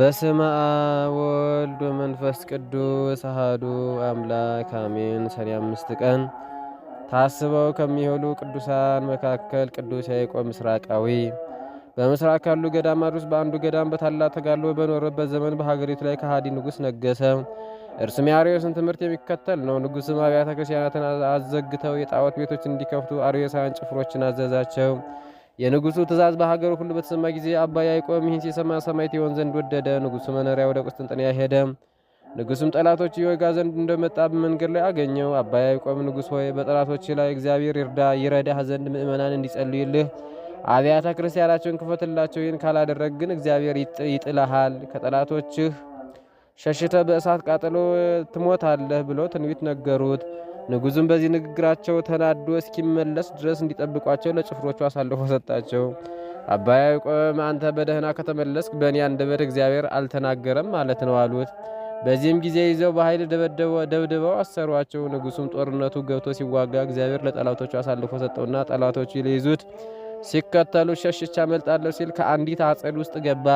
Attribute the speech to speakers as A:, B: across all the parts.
A: በስመ አብ ወወልድ ወመንፈስ ቅዱስ አሐዱ አምላክ አሜን። ሰኔ አምስት ቀን ታስበው ከሚሆኑ ቅዱሳን መካከል ቅዱስ ያዕቆብ ምስራቃዊ። በምስራቅ ካሉ ገዳማት ውስጥ በአንዱ ገዳም በታላቅ ተጋድሎ በኖረበት ዘመን በሀገሪቱ ላይ ከሃዲ ንጉሥ ነገሰ። እርሱም የአርዮስን ትምህርት የሚከተል ነው። ንጉሥም አብያተ ክርስቲያናትን አዘግተው የጣዖት ቤቶች እንዲከፍቱ አርዮሳን ጭፍሮችን አዘዛቸው። የንጉሱ ትእዛዝ በሀገሩ ሁሉ በተሰማ ጊዜ አባ ያዕቆብ ይህን ሲሰማ ሰማዕት ይሆን ዘንድ ወደደ። ንጉሱ መኖሪያ ወደ ቁስጥንጥንያ ሄደ። ንጉሱም ጠላቶች ይወጋ ዘንድ እንደመጣ በመንገድ ላይ አገኘው። አባ ያዕቆብ ንጉሥ ሆይ በጠላቶች ላይ እግዚአብሔር ይርዳ ይረዳህ ዘንድ ምእመናን እንዲጸልዩልህ አብያተ ክርስቲያናቸውን ክፈትላቸው። ይህን ካላደረግ ግን እግዚአብሔር ይጥልሃል፣ ከጠላቶችህ ሸሽተ በእሳት ቃጠሎ ትሞታለህ ብሎ ትንቢት ነገሩት። ንጉሱም በዚህ ንግግራቸው ተናዶ እስኪመለስ ድረስ እንዲጠብቋቸው ለጭፍሮቹ አሳልፎ ሰጣቸው። አባ ያዕቆብም አንተ በደህና ከተመለስክ በእኔ አንደበት እግዚአብሔር አልተናገረም ማለት ነው አሉት። በዚህም ጊዜ ይዘው በኃይል ደብድበው አሰሯቸው። ንጉሱም ጦርነቱ ገብቶ ሲዋጋ እግዚአብሔር ለጠላቶቹ አሳልፎ ሰጠውና ጠላቶቹ ሊይዙት ሲከተሉ ሸሽቻ መልጣለሁ ሲል ከአንዲት አጸድ ውስጥ ገባ።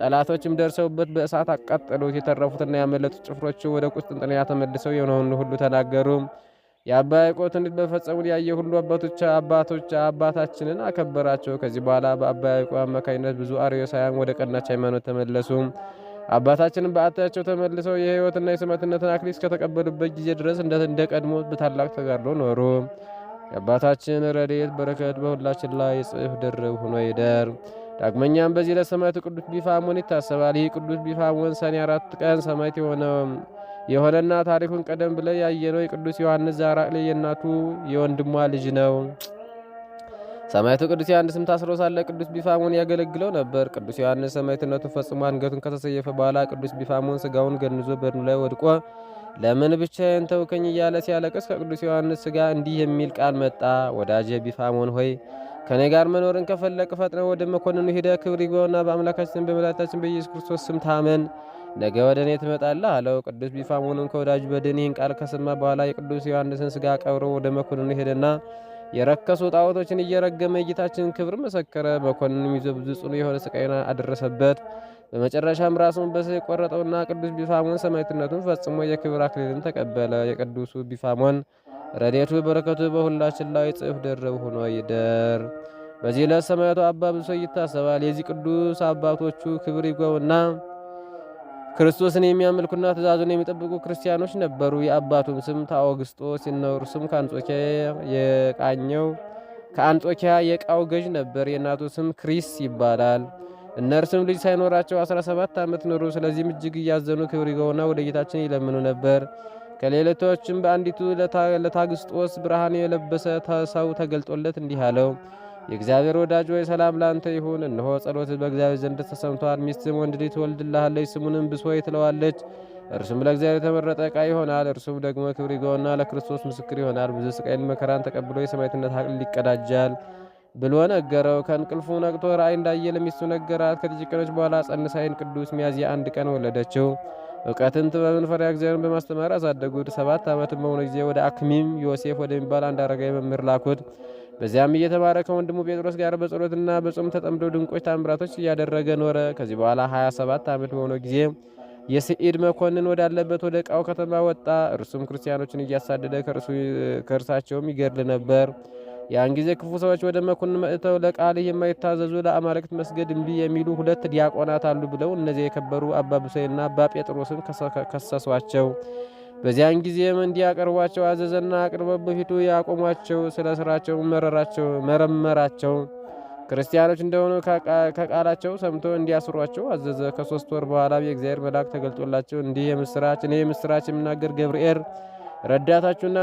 A: ጠላቶችም ደርሰውበት በእሳት አቃጠሉት። የተረፉትና ያመለጡት ጭፍሮቹ ወደ ቁስጥንጥንያ ተመልሰው የሆነውን ሁሉ ተናገሩ። የአባ ያዕቆብ ትንቢት በፈጸሙት ያየ ሁሉ አባቶች አባቶች አባታችንን አከበራቸው። ከዚህ በኋላ በአባ ያዕቆብ አማካኝነት ብዙ አርዮሳውያን ወደ ቀናች ሃይማኖት ተመለሱ። አባታችንን በዓታቸው ተመልሰው የህይወትና የሰማዕትነትን አክሊል እስከተቀበሉበት ጊዜ ድረስ እንደ ቀድሞ በታላቅ ተጋድሎ ኖሩ። የአባታችን ረድኤት በረከት በሁላችን ላይ ጽፍ ድርብ ሆኖ ይደር። ዳግመኛም በዚህ ለሰማዕቱ ቅዱስ ቢፋሞን ይታሰባል። ይህ ቅዱስ ቢፋሞን ሰኔ አራት ቀን ሰማዕት የሆነ የሆነና ታሪኩን ቀደም ብለ ያየነው የቅዱስ ዮሐንስ ዘአራቅሌ የእናቱ የወንድሟ ልጅ ነው። ሰማዕቱ ቅዱስ ዮሐንስ ስም ታስሮ ሳለ ቅዱስ ቢፋሞን ያገለግለው ነበር። ቅዱስ ዮሐንስ ሰማዕትነቱን ፈጽሞ አንገቱን ከተሰየፈ በኋላ ቅዱስ ቢፋሞን ስጋውን ገንዞ በድኑ ላይ ወድቆ ለምን ብቻዬን ተውከኝ እያለ ሲያለቅስ ከቅዱስ ዮሐንስ ስጋ እንዲህ የሚል ቃል መጣ። ወዳጄ ቢፋሞን ሆይ ከኔ ጋር መኖርን ከፈለቅ ፈጥነ ወደ መኮንኑ ሂደ ክብር ይግባውና በአምላካችን በመላታችን በኢየሱስ ክርስቶስ ስም ታመን፣ ነገ ወደ እኔ ትመጣለህ አለው። ቅዱስ ቢፋሞንም ከወዳጁ በድን ይህን ቃል ከሰማ በኋላ የቅዱስ ዮሐንስን ስጋ ቀብሮ ወደ መኮንኑ ሄደና የረከሱ ጣዖቶችን እየረገመ የጌታችንን ክብር መሰከረ። መኮንኑም ይዞ ብዙ ጽኑ የሆነ ስቃይና አደረሰበት። በመጨረሻም ራሱን በሰይፍ ቆረጠውና ቅዱስ ቢፋሞን ሰማዕትነቱን ፈጽሞ የክብር አክሊልን ተቀበለ። የቅዱሱ ቢፋሞን ረዴቱ በረከቱ በሁላችን ላይ ጽፍ ደረብ ሆኖ ይደር። በዚህ ዕለት ሰማያቱ አባ ብሶይ ይታሰባል። የዚህ ቅዱስ አባቶቹ ክብር ይግባውና ክርስቶስን የሚያመልኩና ትእዛዙን የሚጠብቁ ክርስቲያኖች ነበሩ። የአባቱም ስም ታኦግስጦስ ሲነሩ ስም ከአንጾኪያ የቃኘው ከአንጾኪያ የቃው ገዥ ነበር። የእናቱ ስም ክሪስ ይባላል። እነርሱም ልጅ ሳይኖራቸው 17 ዓመት ኖሩ። ስለዚህም እጅግ እያዘኑ ክብር ይግባውና ወደ ጌታችን ይለምኑ ነበር። ከሌሊቶችም በአንዲቱ ለታግስጦስ ብርሃን የለበሰ ሰው ተገልጦለት እንዲህ አለው። የእግዚአብሔር ወዳጅ ወይ ሰላም ላንተ ይሁን። እነሆ ጸሎት በእግዚአብሔር ዘንድ ተሰምቷል። ሚስትም ወንድ ልጅ ትወልድልሃለች፣ ስሙንም ብሶይ ትለዋለች። እርሱም ለእግዚአብሔር የተመረጠ ዕቃ ይሆናል። እርሱም ደግሞ ክብር ይግባውና ለክርስቶስ ምስክር ይሆናል። ብዙ ስቃይን መከራን ተቀብሎ የሰማዕትነት አክሊል ይቀዳጃል ብሎ ነገረው። ከእንቅልፉ ነቅቶ ራእይ እንዳየ ለሚስቱ ነገራት። ከጥቂት ቀኖች በኋላ ጸንሳይን ቅዱስ ሚያዝያ አንድ ቀን ወለደችው። እውቀትን ጥበብን ፈሪሃ እግዚአብሔርን በማስተማር አሳደጉት። ሰባት ዓመትም በሆነ ጊዜ ወደ አክሚም ዮሴፍ ወደሚባል አንድ አረጋዊ መምህር ላኩት። በዚያም እየተማረ ከወንድሙ ጴጥሮስ ጋር በጸሎትና በጾም ተጠምዶ ድንቆች ታምራቶች እያደረገ ኖረ። ከዚህ በኋላ 27 ዓመት በሆነ ጊዜ የስዒድ መኮንን ወዳለበት ወደ ቃው ከተማ ወጣ። እርሱም ክርስቲያኖችን እያሳደደ ከእርሳቸውም ይገድል ነበር። ያን ጊዜ ክፉ ሰዎች ወደ መኮንን መጥተው ለቃልህ የማይታዘዙ ለአማልክት መስገድ እምቢ የሚሉ ሁለት ዲያቆናት አሉ ብለው እነዚህ የከበሩ አባ ብሶይና አባ ጴጥሮስን ከሰሷቸው። በዚያን ጊዜም እንዲያቀርቧቸው አዘዘና አቅርበው በፊቱ ያቆሟቸው። ስለ ስራቸው መረመራቸው። ክርስቲያኖች እንደሆኑ ከቃላቸው ሰምቶ እንዲያስሯቸው አዘዘ። ከሶስት ወር በኋላም የእግዚአብሔር መልአክ ተገልጦላቸው እንዲህ የምስራች እኔ የምስራች የምናገር ገብርኤል ረዳታችሁና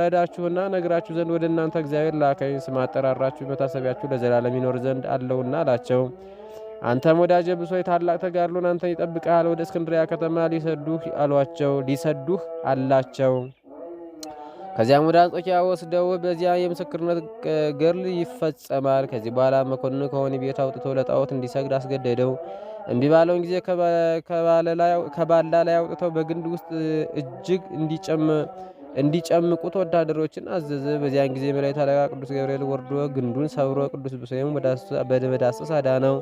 A: ረዳችሁና ነግራችሁ ዘንድ ወደ እናንተ እግዚአብሔር ላከኝ። ስም አጠራራችሁ መታሰቢያችሁ ለዘላለም ይኖር ዘንድ አለውና አላቸው። አንተም ወዳጄ ብሶይ ታላቅ ተጋድሎን አንተ ይጠብቀሃል፣ ወደ እስክንድሪያ ከተማ ሊሰዱህ አሏቸው ሊሰዱህ አላቸው። ከዚያም ወደ አንጾኪያ ወስደው በዚያ የምስክርነት ገርል ይፈጸማል። ከዚህ በኋላ መኮንን ከሆነ ቤት አውጥቶ ለጣዖት እንዲሰግድ አስገደደው። እምቢ ባለውን ጊዜ ከባላ ላይ አውጥተው በግንድ ውስጥ እጅግ እንዲጨምቁት ወታደሮችን አዘዘ። በዚያን ጊዜ መላእክት አለቃ ቅዱስ ገብርኤል ወርዶ ግንዱን ሰብሮ ቅዱስ ብሶም በመዳሰስ አዳነው።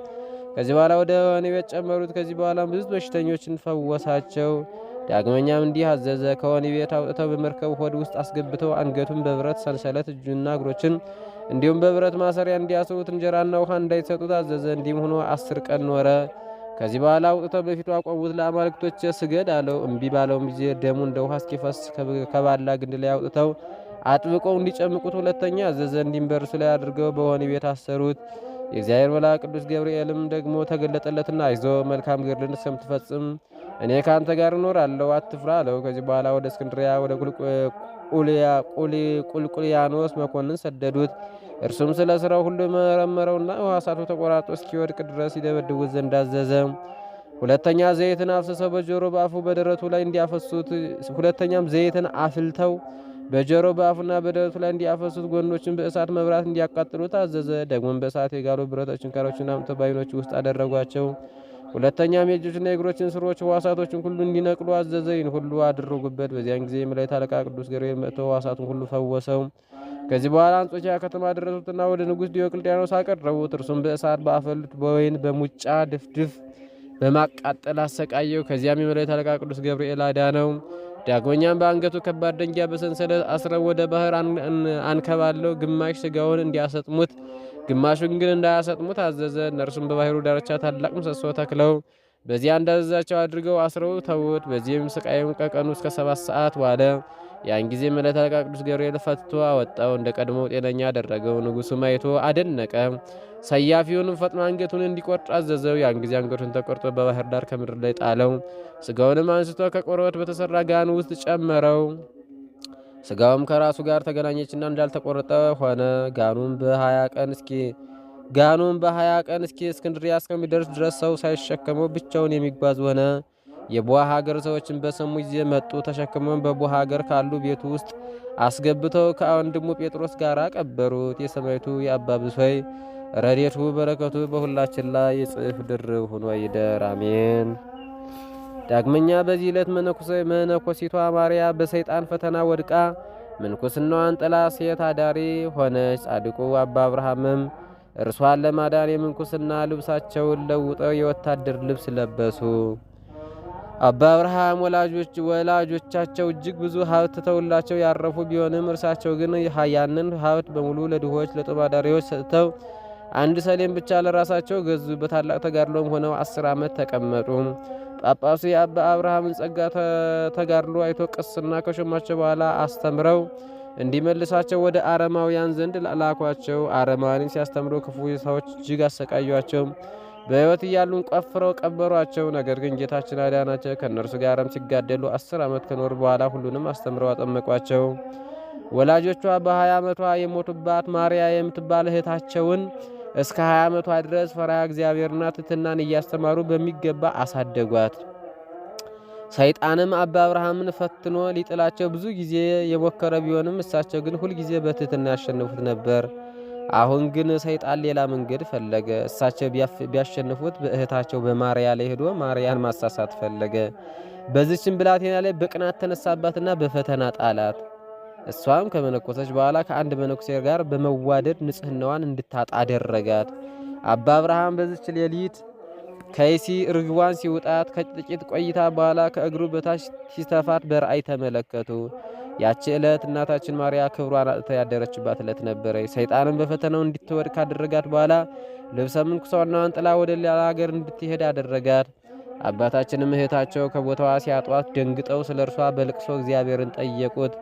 A: ከዚህ በኋላ ወደ ወህኒ ቤት ጨመሩት። ከዚህ በኋላ ብዙ በሽተኞችን ፈወሳቸው። ዳግመኛም እንዲህ አዘዘ። ከወህኒ ቤት አውጥተው በመርከብ ሆድ ውስጥ አስገብተው አንገቱን በብረት ሰንሰለት እጁና እግሮችን እንዲሁም በብረት ማሰሪያ እንዲያስሩት እንጀራና ውሃ እንዳይሰጡት አዘዘ። እንዲህም ሆኖ አስር ቀን ኖረ። ከዚህ በኋላ አውጥተው በፊቱ አቆሙት፣ ለአማልክቶች ስገድ አለው። እምቢ ባለውም ጊዜ ደሙ እንደ ውሃ እስኪፈስ ከባላ ግንድ ላይ አውጥተው አጥብቀው እንዲጨምቁት ሁለተኛ አዘዘ። እንዲም በእርሱ ላይ አድርገው በወህኒ ቤት አሰሩት። የእግዚአብሔር መልአክ ቅዱስ ገብርኤልም ደግሞ ተገለጠለትና አይዞ መልካም ገድልን እስከምትፈጽም እኔ ከአንተ ጋር እኖራለሁ አትፍራ አለው። ከዚህ በኋላ ወደ እስክንድሪያ ወደ ቁልቁልያኖስ መኮንን ሰደዱት። እርሱም ስለ ስራው ሁሉ መረመረውና ውሃ ሕዋሳቱ ተቆራርጦ እስኪወድቅ ድረስ ይደበድቡት ዘንድ አዘዘ። ሁለተኛ ዘይትን አፍስሰው በጆሮ በአፉ በደረቱ ላይ እንዲያፈሱት፣ ሁለተኛም ዘይትን አፍልተው በጆሮ በአፉና በደረቱ ላይ እንዲያፈሱት ጎኖችን በእሳት መብራት እንዲያቃጥሉት አዘዘ። ደግሞም በእሳት የጋሉ ብረቶችን ችንካሮችን አምጥተው በዓይኖቹ ውስጥ አደረጓቸው። ሁለተኛም የእጆችና የእግሮችን ስሮች ሕዋሳቶችን ሁሉ እንዲነቅሉ አዘዘ። ይህን ሁሉ አደረጉበት። በዚያን ጊዜ የመላእክት አለቃ ቅዱስ ገብርኤል መጥቶ ሕዋሳቱን ሁሉ ፈወሰው። ከዚህ በኋላ አንጾኪያ ከተማ ደረሱትና ወደ ንጉሥ ዲዮቅልጥያኖስ አቀረቡት። እርሱም በእሳት በአፈሉት፣ በወይን በሙጫ ድፍድፍ በማቃጠል አሰቃየው። ከዚያም የመላእክት አለቃ ቅዱስ ገብርኤል አዳነው። ዳግመኛም በአንገቱ ከባድ ደንጊያ በሰንሰለት አስረው ወደ ባህር አንከባለው፣ ግማሽ ስጋውን እንዲያሰጥሙት፣ ግማሹን ግን እንዳያሰጥሙት አዘዘ። እነርሱም በባህሩ ዳርቻ ታላቅ ምሰሶ ተክለው በዚያ እንዳዘዛቸው አድርገው አስረው ተዉት። በዚህም ስቃይም ከቀኑ እስከ ሰባት ሰዓት ዋለ። ያን ጊዜ መልአኩ ቅዱስ ገብርኤል ፈትቶ አወጣው፣ እንደ ቀድሞው ጤነኛ አደረገው። ንጉሡም አይቶ አደነቀ። ሰያፊውንም ፈጥኖ አንገቱን እንዲቆርጥ አዘዘው። ያን ጊዜ አንገቱን ተቆርጦ በባህር ዳር ከምድር ላይ ጣለው። ስጋውንም አንስቶ ከቆርበት በተሰራ ጋን ውስጥ ጨመረው። ስጋውም ከራሱ ጋር ተገናኘችና እንዳልተቆረጠ ሆነ። ጋኑም በሀያ ቀን እስኪ ጋኑም በሀያ ቀን እስኪ እስክንድሪያ እስከሚደርስ ድረስ ሰው ሳይሸከመው ብቻውን የሚጓዝ ሆነ። የቡሃ ሀገር ሰዎችን በሰሙ ጊዜ መጡ። ተሸክመውን በቡሃ ሀገር ካሉ ቤቱ ውስጥ አስገብተው ከወንድሙ ጴጥሮስ ጋር ቀበሩት። የሰማይቱ የአባ ብሶይ ረድኤቱ በረከቱ በሁላችን ላይ ይጽፍ ድርብ ሆኖ ይደር፣ አሜን። ዳግመኛ በዚህ ዕለት መነኮሲቷ ማርያ በሰይጣን ፈተና ወድቃ ምንኩስናዋን ጥላ ሴት አዳሪ ሆነች። ጻድቁ አባ አብርሃምም እርሷን ለማዳን የምንኩስና ልብሳቸውን ለውጠው የወታደር ልብስ ለበሱ። አባ አብርሃም ወላጆች ወላጆቻቸው እጅግ ብዙ ሀብት ተውላቸው ያረፉ ቢሆንም እርሳቸው ግን ያንን ሀብት በሙሉ ለድሆች ለጦም ሰጥተው አንድ ሰሌም ብቻ ለራሳቸው ገዙ። በታላቅ ተጋድሎም ሆነው አስር ዓመት ተቀመጡ። ጳጳሱ የአባ አብርሃምን ጸጋ ተጋድሎ አይቶ ቅስና ከሾማቸው በኋላ አስተምረው እንዲመልሳቸው ወደ አረማውያን ዘንድ ላኳቸው። አረማውያንም ሲያስተምሩ ክፉ ሰዎች እጅግ አሰቃዩቸው። በሕይወት እያሉን ቆፍረው ቀበሯቸው። ነገር ግን ጌታችን አዳናቸው። ከእነርሱ ጋርም ሲጋደሉ አስር ዓመት ከኖሩ በኋላ ሁሉንም አስተምረው አጠመቋቸው። ወላጆቿ በ20 ዓመቷ የሞቱባት ማርያ የምትባል እህታቸውን እስከ 20 ዓመቷ ድረስ ፈሪሃ እግዚአብሔርና ትሕትናን እያስተማሩ በሚገባ አሳደጓት። ሰይጣንም አባ አብርሃምን ፈትኖ ሊጥላቸው ብዙ ጊዜ የሞከረ ቢሆንም እሳቸው ግን ሁልጊዜ በትህትና ያሸንፉት ነበር። አሁን ግን ሰይጣን ሌላ መንገድ ፈለገ። እሳቸው ቢያሸንፉት በእህታቸው በማርያ ላይ ሄዶ ማርያን ማሳሳት ፈለገ። በዚችም ብላቴና ላይ በቅናት ተነሳባትና በፈተና ጣላት። እሷም ከመነኮሰች በኋላ ከአንድ መነኩሴ ጋር በመዋደድ ንጽህናዋን እንድታጣ አደረጋት። አባ አብርሃም በዚች ሌሊት ከይሲ ርግቧን ሲውጣት ከጥቂት ቆይታ በኋላ ከእግሩ በታች ሲሰፋት በራእይ ተመለከቱ። ያቺ ዕለት እናታችን ማርያም ክብሯን አጥታ ያደረችባት ዕለት ነበረች። ሰይጣንም በፈተናው እንድትወድ ካደረጋት በኋላ ልብሰ ምንኩስናዋን ጥላ ወደ ሌላ ሀገር እንድትሄድ አደረጋት። አባታችንም እህታቸው ከቦታዋ ሲያጧት ደንግጠው ስለ እርሷ በልቅሶ እግዚአብሔርን ጠየቁት።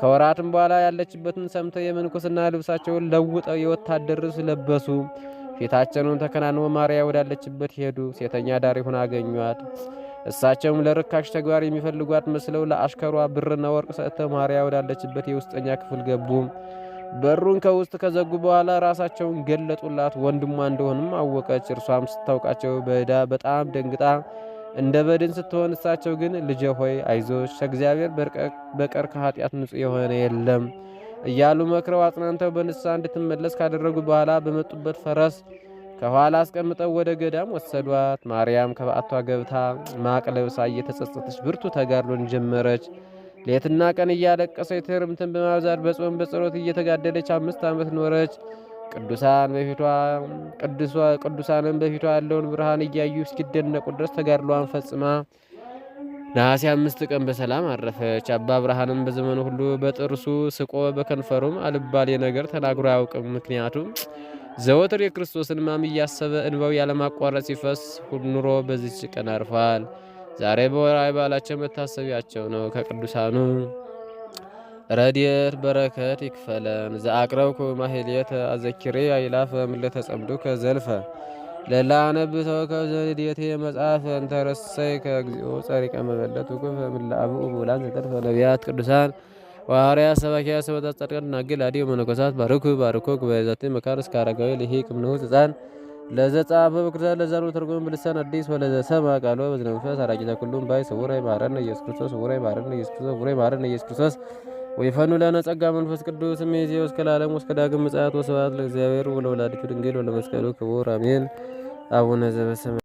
A: ከወራትም በኋላ ያለችበትን ሰምተው የምንኩስና ልብሳቸውን ለውጠው የወታደር ልብስ ለበሱ። ፊታቸውን ተከናንቦ ማርያ ወዳለችበት ሄዱ። ሴተኛ ዳሪ ሆና አገኟት። እሳቸውም ለርካሽ ተግባር የሚፈልጓት መስለው ለአሽከሯ ብርና ወርቅ ሰጥተው ማርያ ወዳለችበት የውስጠኛ ክፍል ገቡ። በሩን ከውስጥ ከዘጉ በኋላ ራሳቸውን ገለጡላት። ወንድሟ እንደሆንም አወቀች። እርሷም ስታውቃቸው በዕዳ በጣም ደንግጣ እንደ በድን ስትሆን፣ እሳቸው ግን ልጄ ሆይ አይዞች ከእግዚአብሔር በቀር ከኃጢአት ንጹሕ የሆነ የለም እያሉ መክረው አጽናንተው በንስሐ እንድትመለስ ካደረጉ በኋላ በመጡበት ፈረስ ከኋላ አስቀምጠው ወደ ገዳም ወሰዷት። ማርያም ከበዓቷ ገብታ ማቅ ለብሳ እየተጸጸተች ብርቱ ተጋድሎን ጀመረች። ሌትና ቀን እያለቀሰች ትርምትን በማብዛት በጾም በጸሎት እየተጋደለች አምስት ዓመት ኖረች። ቅዱሳን በፊቷ ቅዱሳንም በፊቷ ያለውን ብርሃን እያዩ እስኪደነቁ ድረስ ተጋድሏን ፈጽማ ነሐሴ አምስት ቀን በሰላም አረፈች። አባ ብርሃንም በዘመኑ ሁሉ በጥርሱ ስቆ በከንፈሩም አልባሌ ነገር ተናግሮ አያውቅም። ምክንያቱም ዘወትር የክርስቶስን ማም እያሰበ እንባው ያለማቋረጥ ሲፈስ ኑሮ በዚች ቀን አርፏል። ዛሬ በወራዊ በዓላቸው መታሰቢያቸው ነው። ከቅዱሳኑ ረድኤት በረከት ይክፈለን። ዘአቅረብኩ ማሕሌተ አዘኪሬ አይላፈ ምለተጸምዱ ከዘልፈ ለላነብብ ተወከብ ዘዴቴ መጽሐፍ እንተረሰይ ከግዚኦ ጸሪቀ መበለት ውቁፍ ምላአብኡ ብውላን ዘጠርፈ ነቢያት ቅዱሳን ዋርያ ሰባኪያ ሰበታ ጸድቀን ናግል አዲ መነኮሳት ባርኩ ባርኮ ጉባኤዛት መካር እስከ አረጋዊ ልሂ ቅምንሁ ህፃን ለዘጻፈ በክርታ ለዛሩ ተርጎም ብልሳን አዲስ ወለዘሰማ ቃሎ በዝነንፈስ አራቂታ ኩሉም ባይ ስውራይ ማረን ኢየሱስ ክርስቶስ ስውራይ ማረን ኢየሱስ ክርስቶስ ስውራይ ማረን ኢየሱስ ክርስቶስ ወይፈኑ ለነ ጸጋ መንፈስ ቅዱስ ሚዜ እስከ ለዓለም እስከ ዳግም ምጽአት ወስብሐት ለእግዚአብሔር ወለወላዲቱ ድንግል ወለመስቀሉ ክቡር አሜን። Abone bese